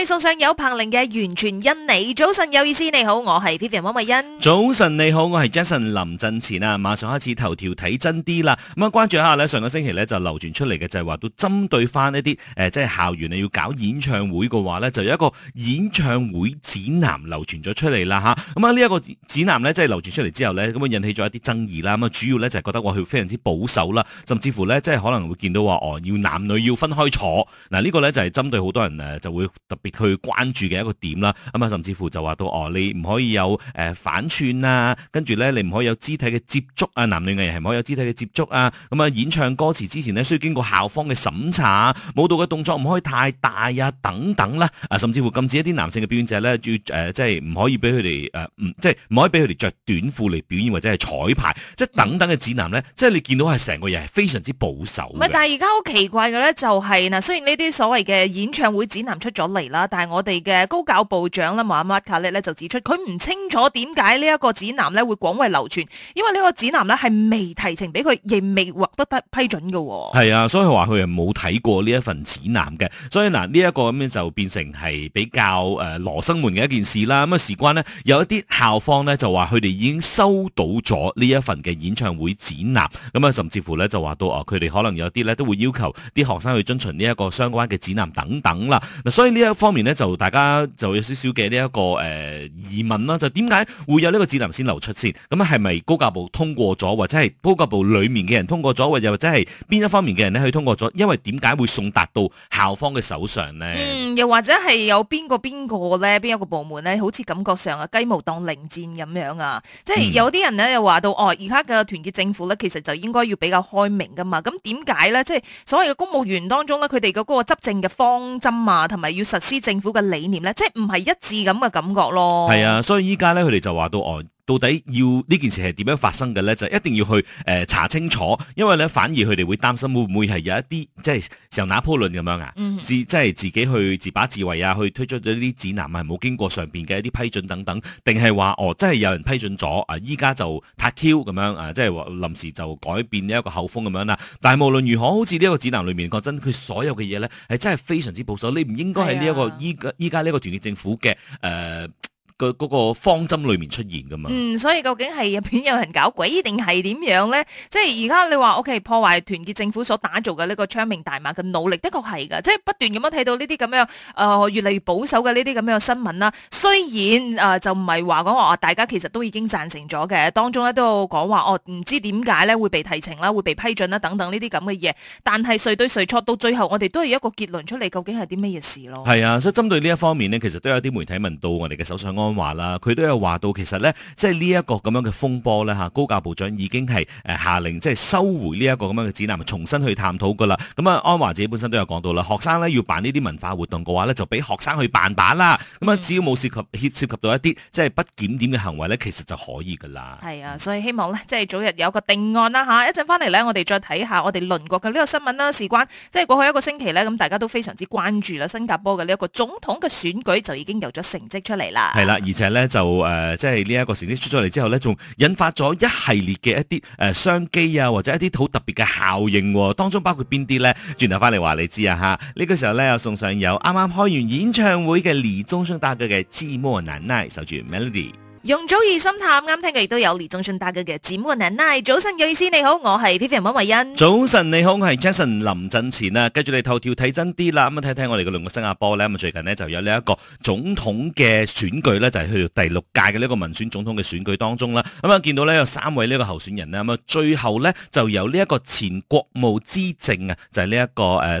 你送上有彭羚嘅完全因你，早晨有意思，你好，我係 Pepi 黃慧欣。早晨你好，我係 Jason 林振前啊！馬上開始頭條睇真啲啦，咁啊關注下咧，上個星期咧就流傳出嚟嘅就係話都針對翻一啲誒、呃，即係校園你要搞演唱會嘅話咧，就有一個演唱會指南流傳咗出嚟啦吓。咁啊、這個、呢一個指南咧，即、就、係、是、流傳出嚟之後咧，咁啊引起咗一啲爭議啦。咁啊主要咧就係覺得我佢非常之保守啦，甚至乎咧即係可能會見到話哦要男女要分開坐嗱，呢、這個咧就係針對好多人誒就會特別。佢關注嘅一個點啦，咁、嗯、啊，甚至乎就話到哦，你唔可以有誒、呃、反串啊，跟住咧，你唔可以有肢體嘅接觸啊，男女藝人係唔可以有肢體嘅接觸啊，咁、嗯、啊，演唱歌詞之前呢，需要經過校方嘅審查，舞蹈嘅動作唔可以太大啊，等等啦，啊，甚至乎禁止一啲男性嘅表演者咧，要、呃、誒，即係唔可以俾佢哋誒，即係唔可以俾佢哋着短褲嚟表演或者係彩排，即係等等嘅指南咧，即、嗯、係你見到係成個人係非常之保守。唔係，但係而家好奇怪嘅咧，就係、是、嗱，雖然呢啲所謂嘅演唱會指南出咗嚟啦。但係我哋嘅高教部長啦，馬阿卡列咧就指出，佢唔清楚點解呢一個指南咧會廣為流傳，因為呢個指南咧係未提呈俾佢，亦未獲得得批批准嘅。係啊，所以話佢係冇睇過呢一份指南嘅。所以嗱，呢一個咁樣就變成係比較誒羅生門嘅一件事啦。咁啊，事關呢，有一啲校方呢就話佢哋已經收到咗呢一份嘅演唱會指南，咁啊，甚至乎呢就話到啊，佢哋可能有啲呢都會要求啲學生去遵循呢一個相關嘅指南等等啦。所以呢一方。方面咧就大家就有少少嘅呢一個誒疑問啦，就點解會有呢個指南先流出先？咁係咪高教部通過咗，或者係高教部裏面嘅人通過咗，或者或者係邊一方面嘅人咧去通過咗？因為點解會送達到校方嘅手上呢？嗯，又或者係有邊個邊個咧？邊一個部門咧？好似感覺上啊雞毛當令箭咁樣啊！即係有啲人咧、嗯、又話到哦，而家嘅團結政府咧，其實就應該要比較開明噶嘛。咁點解咧？即係所謂嘅公務員當中咧，佢哋嗰個執政嘅方針啊，同埋要實施。政府嘅理念咧，即係唔係一致咁嘅感覺咯。係啊，所以依家咧，佢哋就話到我。到底要呢件事係點樣發生嘅呢？就一定要去誒、呃、查清楚，因為呢，反而佢哋會擔心會唔會係有一啲即係上拿破崙咁樣啊、嗯？即係自己去自把自為啊，去推出咗啲指南係冇經過上邊嘅一啲批准等等，定係話哦，真係有人批准咗啊？依、呃、家就太 Q 咁樣啊、呃，即係臨時就改變一個口風咁樣啦。但係無論如何，好似呢個指南裏面，講真，佢所有嘅嘢呢，係真係非常之保守，你唔應該係呢一個依家依家呢個團結政府嘅誒。呃嗰個方針裏面出現噶嘛。嗯，所以究竟係入邊有人搞鬼定係點樣咧？即係而家你話 O.K. 破壞團結政府所打造嘅呢個昌明大馬嘅努力，的確係噶，即係不斷咁樣睇到呢啲咁樣誒越嚟越保守嘅呢啲咁樣新聞啦。雖然誒、呃、就唔係話講我話大家其實都已經贊成咗嘅，當中咧都講話哦唔知點解咧會被提呈啦，會被批准啦等等呢啲咁嘅嘢，但係誰對誰錯，到最後，我哋都係一個結論出嚟，究竟係啲咩嘢事咯？係啊，所以針對呢一方面呢，其實都有啲媒體問到我哋嘅首相安華啦，佢都有話到，其實呢，即係呢一個咁樣嘅風波咧，吓高教部長已經係誒下令，即係收回呢一個咁樣嘅指南，重新去探討噶啦。咁啊，安華自己本身都有講到啦，學生呢要辦呢啲文化活動嘅話呢，就俾學生去辦版啦。咁啊，只要冇涉及涉及到一啲即係不檢點嘅行為呢，其實就可以噶啦。係啊，所以希望呢，即係早日有個定案啦吓。一陣翻嚟呢，我哋再睇下我哋鄰國嘅呢個新聞啦，事關即係過去一個星期呢，咁大家都非常之關注啦。新加坡嘅呢一個總統嘅選舉就已經有咗成績出嚟啦。係啦、啊。而且咧就即係呢一個成績出咗嚟之後呢，仲引發咗一系列嘅一啲商機啊，或者一啲好特別嘅效應，當中包括邊啲呢？轉頭翻嚟話你知啊嚇。呢個時候呢，又送上有啱啱開完演唱會嘅李宗盛打嘅《寂寞奶奶》，守住 Melody。用早耳心探，啱聽嘅亦都有李宗信打嘅嘅，慈母奶奶，早晨嘅意思你好，我係 t P 文溫慧欣。早晨你好，我係 Jason 林振前啊，跟住你頭條睇真啲啦，咁啊睇睇我哋嘅龍個新加坡咧，咁啊最近呢，就有呢一個總統嘅選舉咧，就係、是、去第六屆嘅呢個個民選總統嘅選舉當中啦，咁啊見到咧有三位呢個候選人咧，咁啊最後咧就由呢一個前國務資政啊，就係呢一個誒、呃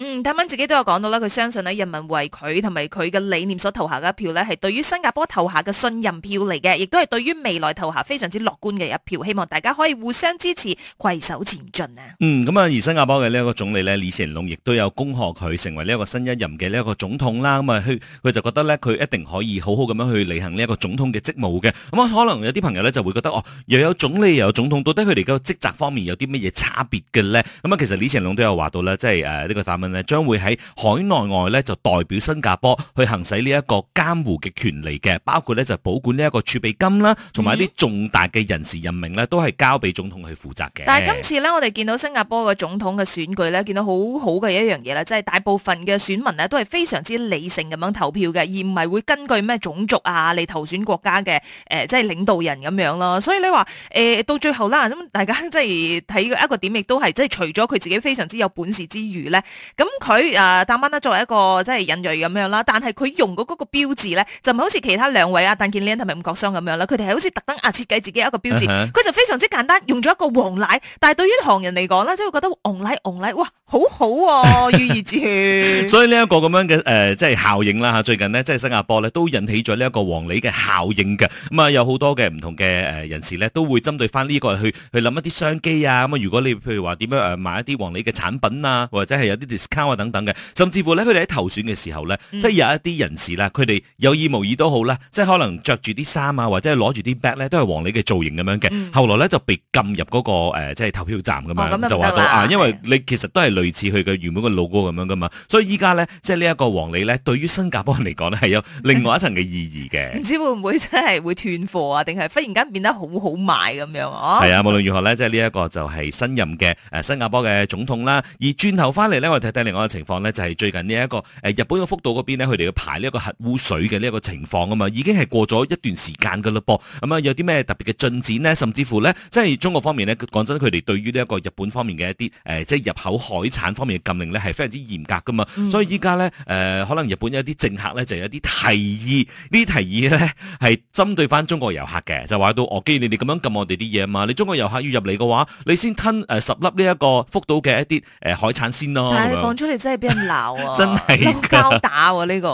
嗯，戴自己都有講到啦，佢相信人民為佢同埋佢嘅理念所投下嘅一票呢係對於新加坡投下嘅信任票嚟嘅，亦都係對於未來投下非常之樂觀嘅一票。希望大家可以互相支持，攜手前進啊！嗯，咁啊，而新加坡嘅呢一個總理呢，李成龍，亦都有恭賀佢成為呢一個新一任嘅呢一個總統啦。咁啊，佢就覺得呢，佢一定可以好好咁樣去履行呢一個總統嘅職務嘅。咁啊，可能有啲朋友呢，就會覺得哦，又有總理又有總統，到底佢哋嘅職責方面有啲乜嘢差別嘅呢？咁啊，其實李成龍都有話到呢，即係誒呢個誒將會喺海內外咧就代表新加坡去行使呢一個監護嘅權利嘅，包括咧就保管呢一個儲備金啦，同埋一啲重大嘅人事任命咧都係交俾總統去負責嘅、嗯。但係今次咧，我哋見到新加坡嘅總統嘅選舉咧，見到好好嘅一樣嘢啦，即係大部分嘅選民呢都係非常之理性咁樣投票嘅，而唔係會根據咩種族啊嚟投選國家嘅誒，即係領導人咁樣咯。所以你話誒到最後啦，咁大家即係睇一個點，亦都係即係除咗佢自己非常之有本事之餘咧。咁佢誒戴安娜作為一個即係印裔咁樣啦，但係佢用嗰嗰個標誌咧，就唔係好似其他兩位啊，但建烈同埋吳國松咁樣啦，佢哋係好似特登啊設計自己一個標誌，佢就非常之簡單，用咗一個黃梨，但係對於行人嚟講咧，即係覺得黃梨黃梨，哇，好好喎、啊，寓意住。 所以呢一個咁樣嘅誒、呃、即係效應啦，最近呢，即係新加坡咧都引起咗呢一個黃梨嘅效應嘅，咁啊有好多嘅唔同嘅誒人士咧都會針對翻呢個去去諗一啲商機啊，咁啊如果你譬如話點樣誒買一啲黃梨嘅產品啊，或者係有啲。卡啊等等嘅，甚至乎咧，佢哋喺投選嘅時候咧、嗯，即係有一啲人士啦，佢哋有意無意都好啦，即係可能着住啲衫啊，或者攞住啲 bag 咧，都係黃李嘅造型咁樣嘅、嗯。後來咧就被禁入嗰、那個、呃、即係投票站㗎樣，哦樣，就話到：「啊，因為你其實都係類似佢嘅原本個老哥咁樣㗎嘛。所以依家咧，即係呢一個黃李咧，對於新加坡人嚟講咧，係有另外一層嘅意義嘅。唔 知會唔會真係會斷貨啊？定係忽然間變得好好賣咁樣係啊，無論如何咧，即係呢一個就係新任嘅、呃、新加坡嘅總統啦。而轉頭翻嚟咧，我哋睇睇。另外一個情況咧，就係最近呢一個誒日本嘅福島嗰邊咧，佢哋要排呢一個核污水嘅呢一個情況啊嘛，已經係過咗一段時間㗎喇噃。咁啊，有啲咩特別嘅進展呢？甚至乎呢，即係中國方面呢，講真，佢哋對於呢一個日本方面嘅一啲誒，即係入口海產方面嘅禁令呢，係非常之嚴格㗎嘛。所以依家呢，誒，可能日本有啲政客呢，就有啲提議，呢啲提議呢，係針對翻中國遊客嘅，就話到我既然你哋咁樣禁我哋啲嘢啊嘛，你中國遊客要入嚟嘅話，你先吞誒十粒呢一個福島嘅一啲誒海產先咯。講出嚟真係俾人鬧啊！ 真係，撈膠打啊呢個！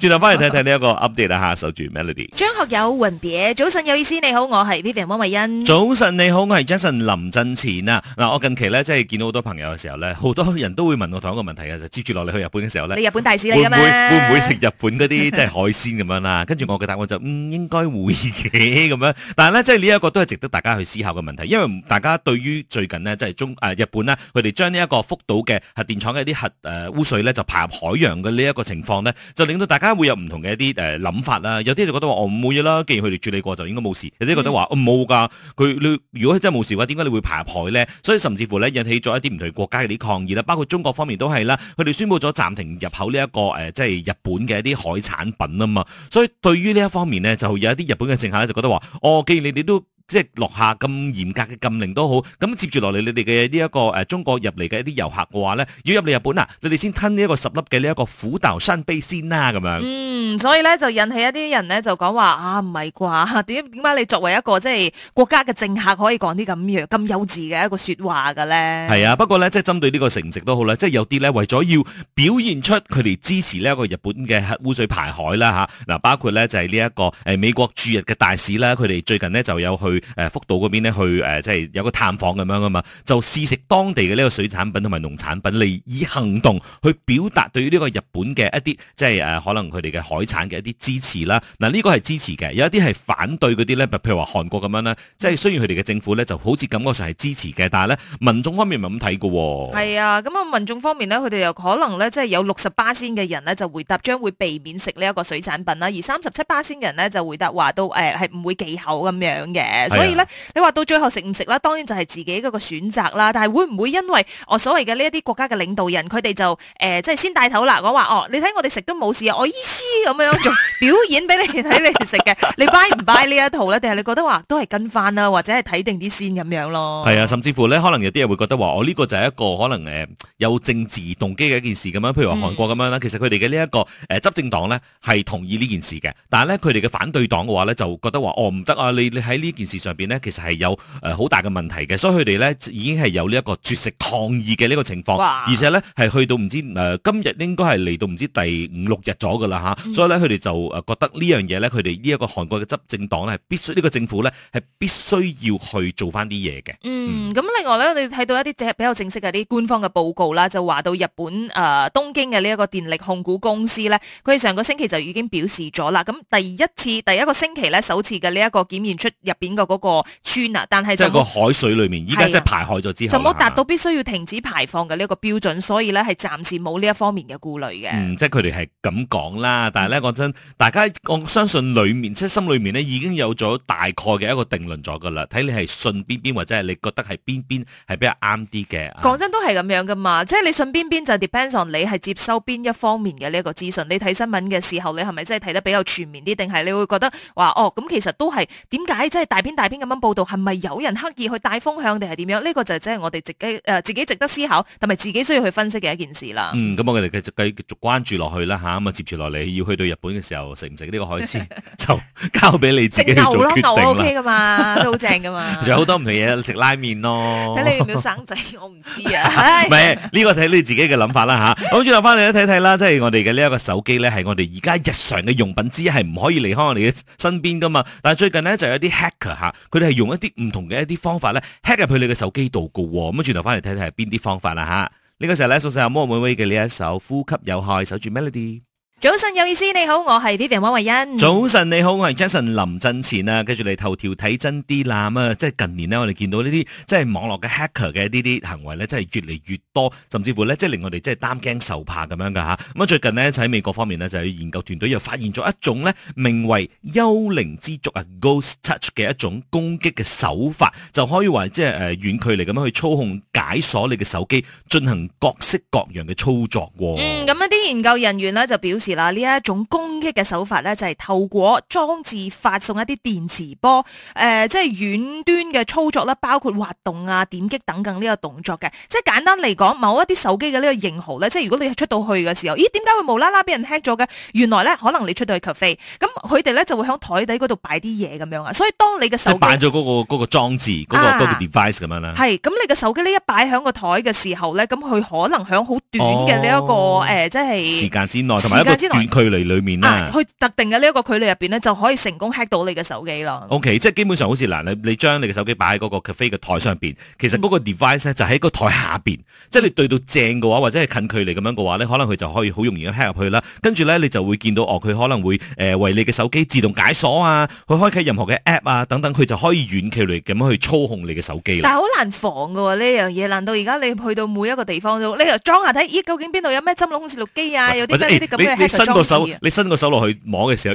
轉頭翻嚟睇睇呢一個 update 一下 守住 Melody。張學友雲姐，早晨，有意思，你好，我係 Vivian 汪慧欣。早晨你好，我係 Jason 林振前啊！嗱，我近期咧即係見到好多朋友嘅時候咧，好多人都會問我同一個問題嘅，就是、接住落嚟去日本嘅時候咧，你日本大使嚟噶嘛？會唔會食日本嗰啲 即係海鮮咁樣啦、啊？跟住我嘅答案就唔、嗯、應該會嘅咁樣。但係咧即係呢一個都係值得大家去思考嘅問題，因為大家對於最近呢，即係中誒、啊、日本咧，佢哋將呢一個福島嘅核電廠嘅核誒污水咧就排入海洋嘅呢一個情況咧，就令到大家會有唔同嘅一啲誒諗法啦。有啲就覺得話哦冇嘢啦，既然佢哋處理過就應該冇事。有啲覺得話冇噶，佢、你、如果真係冇事嘅話，點解你會排入海咧？所以甚至乎咧引起咗一啲唔同國家嘅啲抗議啦，包括中國方面都係啦，佢哋宣布咗暫停入口呢、這、一個誒、呃，即係日本嘅一啲海產品啊嘛。所以對於呢一方面呢，就有一啲日本嘅政客咧就覺得話，哦，既然你哋都。即係落下咁嚴格嘅禁令都好，咁接住落嚟你哋嘅呢一個、呃、中國入嚟嘅一啲遊客嘅話咧，要入嚟日本啊，你哋先吞呢一個十粒嘅呢一個苦豆山杯先啦，咁樣。嗯，所以咧就引起一啲人咧就講話啊唔係啩？點點解你作為一個即係、就是、國家嘅政客可以講啲咁樣咁幼稚嘅一個說話㗎咧？係啊，不過咧即係針對呢個成績都好啦，即係有啲咧為咗要表現出佢哋支持呢一個日本嘅核污水排海啦嗱、啊、包括咧就係呢一個美國駐日嘅大使啦，佢哋最近呢就有去。誒、呃、福島嗰邊去即係、呃就是、有個探訪咁樣啊嘛，就試食當地嘅呢個水產品同埋農產品，嚟以行動去表達對於呢個日本嘅一啲即係可能佢哋嘅海產嘅一啲支持啦。嗱、呃，呢、這個係支持嘅，有啲係反對嗰啲咧，譬如話韓國咁樣啦。即、就、係、是、雖然佢哋嘅政府咧就好似感覺上係支持嘅，但係咧民眾方面咪咁睇喎。係啊，咁、嗯、啊民眾方面呢，佢哋又可能咧即係有六十八仙六十巴仙嘅人呢，就回答將會避免食呢一個水產品啦，而三十七巴仙嘅人呢，就回答話都係唔、呃、會忌口咁樣嘅。所以咧，你話到最後食唔食啦？當然就係自己嗰個選擇啦。但係會唔會因為我所謂嘅呢一啲國家嘅領導人，佢哋就誒、呃、即係先帶頭啦。我話哦，你睇我哋食都冇事啊，我意思咁樣做表演俾你哋睇，你哋食嘅，你 buy 唔 buy 呢一套呢？定係你覺得話都係跟翻啦，或者係睇定啲先咁樣咯？係啊，甚至乎呢，可能有啲人會覺得話，我呢個就係一個可能有政治動機嘅一件事咁樣。譬如話韓國咁樣啦，嗯、其實佢哋嘅呢一個執政黨呢，係同意呢件事嘅，但係佢哋嘅反對黨嘅話呢，就覺得話哦唔得啊！你你喺呢件事上邊咧其實係有誒好大嘅問題嘅，所以佢哋咧已經係有呢一個絕食抗議嘅呢個情況，而且呢，係去到唔知誒、呃、今日應該係嚟到唔知第五六日咗㗎啦嚇，所以佢哋呢，佢哋就誒覺得呢樣嘢呢佢哋呢一個韓國嘅執政黨咧，必須呢、呢個政府呢係必須要去做翻啲嘢嘅。嗯，咁、嗯、另外呢，我哋睇到一啲即係比較正式嘅啲官方嘅報告啦，就話到日本誒、呃、東京嘅呢一個電力控股公司呢，佢哋上個星期就已經表示咗啦，咁第一次第一個星期呢，首次嘅呢一個檢驗出入邊。那個嗰村啊，但係就喺、就是、個海水裏面，依家即係排海咗之後，啊、就冇達到必須要停止排放嘅呢一個標準，所以咧係暫時冇呢一方面嘅顧慮嘅。嗯，即係佢哋係咁講啦，但係咧講真，大家我相信裏面即係、就是、心裏面咧已經有咗大概嘅一個定論咗㗎啦。睇你係信邊邊或者係你覺得係邊邊係比較啱啲嘅。講真都係咁樣㗎嘛，即、就、係、是、你信邊邊就 depends on 你係接收邊一方面嘅呢一個資訊，你睇新聞嘅時候，你係咪真係睇得比較全面啲，定係你會覺得話哦咁其實都係點解即係。大？大篇咁樣報道係咪有人刻意去帶風向定係點樣？呢、呢個就真係我哋自己誒，自己值得思考同埋自己需要去分析嘅一件事啦。嗯，咁我哋繼續繼續關注落去啦吓，咁啊接住落嚟要去到日本嘅時候食唔食呢個海鮮， 就交俾你自己做決定啦，食牛 咯，牛 O K 噶嘛，都好正噶嘛。仲有好多唔同嘢，食拉麵咯。睇你要唔要生仔，我唔知啊。係 呢、哎呢個睇你自己嘅諗法啦吓。咁轉頭翻嚟睇睇啦，即 係 我哋嘅呢一個手機咧，係我哋而家日常嘅用品之一，係唔可以離開我哋嘅身邊噶嘛。但係最近呢，就有啲 hacker。佢哋係用一啲唔同嘅一啲方法咧 hack 入去你嘅手機度嘅，咁樣轉頭返嚟睇睇係邊啲方法啦嚇。呢個時候咧，送上魔力妹嘅呢一首《呼吸有害》，守住 melody。早晨有意思，你好，我係 Vivian 溫慧欣。早晨你好，我係 Jason 林振前啊，跟住你頭條睇真啲啦啊，即係近年咧，我哋見到呢啲即係網絡嘅 hacker 嘅呢啲行為咧，真係越嚟越多，甚至乎咧，即係令我哋即係擔驚受怕咁樣噶吓。咁啊，最近咧，就喺美國方面咧，就係研究團隊又發現咗一種咧，名為幽靈之族啊，Ghost Touch 嘅一種攻擊嘅手法，就可以話即係誒遠距離咁樣去操控解鎖你的手機，解鎖你嘅手機，進行各式各樣嘅操作。嗯，咁一啲研究人員咧就表示，嗱，呢一種攻擊嘅手法咧，就係透過裝置發送一啲電磁波，誒、呃，即係遠端嘅操作啦，包括滑動啊、點擊等等呢個動作嘅。即係簡單嚟講，某一啲手機嘅呢個型號咧，即係如果你出到去嘅時候，咦，點解會無啦啦俾人 hack 咗嘅？原來咧，可能你出到去 cafe，咁佢哋咧就會喺台底嗰度擺啲嘢咁樣啊。所以當你嘅手機擺咗嗰個嗰、嗰個、裝置嗰、嗰個嗰、啊嗰個 device 咁樣咧，係咁你嘅手機呢一擺喺個台嘅時候咧，咁佢可能喺好短嘅呢一個誒，即、哦、係、呃、時間之內同埋，短距離裏面咧、啊啊，去特定嘅呢一個距離入邊咧，就可以成功 hack 到你嘅手機咯。O、okay, K，即係基本上好似嗱，你你將你嘅手機擺喺嗰個 cafe 嘅台上邊，其實嗰個 device 咧就喺、是、個台下邊。即係你對到正嘅話，或者係近距離咁樣嘅話咧，可能佢就可以好容易 hack 入去啦。跟住咧，你就會見到哦，佢可能會誒、呃、為你嘅手機自動解鎖啊，去開啟任何嘅 app 啊等等，佢就可以遠距離咁樣去操控你嘅手機。但係好難防㗎喎、啊，呢樣嘢。難道而家你去到每一個地方都，你就裝下睇咦？究竟邊度有咩針孔攝錄機啊？有啲即係呢啲咁嘅。哎這伸個手，啊、你伸個手落去摸嘅時候，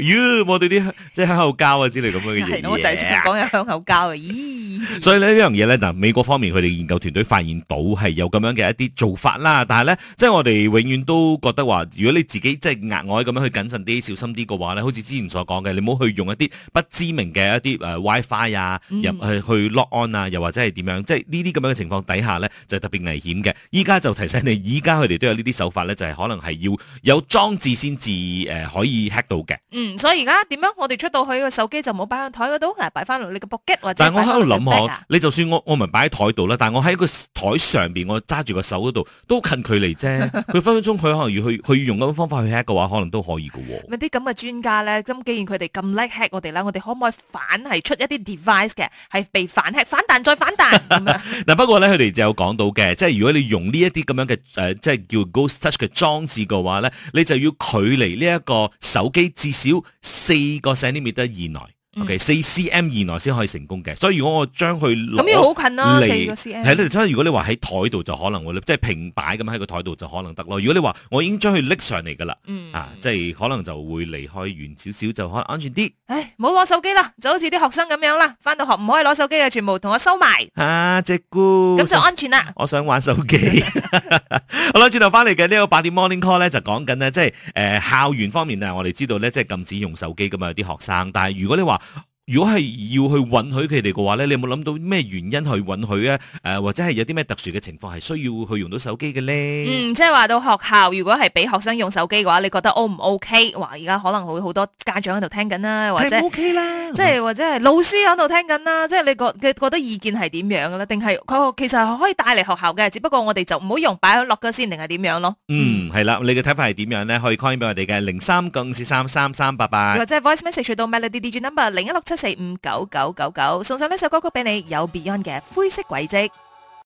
我哋啲即係香口膠啊之類咁樣嘅嘢嘢。我就先講下香口膠啊，咦 ？所以呢呢樣嘢呢，嗱美國方面佢哋研究團隊發現到係有咁樣嘅一啲做法啦。但係呢，即係我哋永遠都覺得話，如果你自己即係額外咁樣去謹慎啲、小心啲嘅話呢，好似之前所講嘅，你唔好去用一啲不知名嘅一啲 WiFi 啊，入去、嗯、去 lock on 啊，又或者係點樣，即係呢啲咁樣嘅情況底下呢，就是、特別危險嘅。依家就提醒你，依家佢哋都有呢啲手法呢，就係、是、可能係要有裝置。先至誒可以 hack 到嘅，嗯，所以而家點樣？我哋出到去個手機就冇擺喺台嗰度，擺翻落你個搏擊或者，但係我喺度諗，我，你就算我我唔係擺喺台度啦，但係我喺個台上邊，我揸住個手嗰度都近距離啫。佢 分分鐘，佢可能要去，佢要用嗰種方法去 hack 嘅話，可能都可以嘅喎。啲咁嘅專家咧，咁既然佢哋咁叻 hack 我哋啦，我哋可唔可以反係出一啲 device 嘅，係被反 hack 反彈再反彈。嗱 不過咧，佢哋就有講到嘅，即係如果你用呢一啲咁樣嘅誒、呃，即係叫 ghost touch 嘅裝置嘅話咧，你就要。距離呢一個手機至少四個 centimetres 以內。O K. 四 C M 二內先可以成功嘅，所以如果我將佢咁樣好近咯、啊，四 C M。係如果你話喺台度就可能會，即係平擺咁喺個台度就可能得咯。如果你話、就是、我已經將佢拎上嚟噶啦，嗯、啊，即係可能就會離開遠少少就可能安全啲。唉，唔好攞手機啦，就好似啲學生咁樣啦，翻到學唔可以攞手機嘅，全部同我收埋。啊，即姑咁就安全啦。我想玩手機。 好啦，轉頭翻嚟嘅呢個八點 Morning Call 咧，就講緊咧，即係、呃、校園方面啊，我哋知道咧，即係禁止用手機噶嘛，啲學生，但係如果你話如果係要去允許佢哋嘅話咧，你有冇諗到咩原因去允許啊？誒，或者係有啲咩特殊嘅情況係需要去用到手機嘅咧？嗯，即係話到學校，如果係俾學生用手機嘅話，你覺得 O 唔 O K？話而家可能好好多家長喺度聽緊啦，或者 O K 啦，即係或者係老師喺度聽緊啦，即係你覺佢覺得意見係點樣嘅咧？定係佢其實可以帶嚟學校嘅，只不過我哋就唔好用擺喺落嘅先，定係點樣咯？嗯，係啦，你嘅睇法係點樣咧？可以 call 翻俾我哋嘅零三九四三三三八八，或者 voice message 到 Melody DJ number 零一六七。四五九九九九，送上呢首歌曲俾你，有 Beyond 嘅《灰色軌跡》。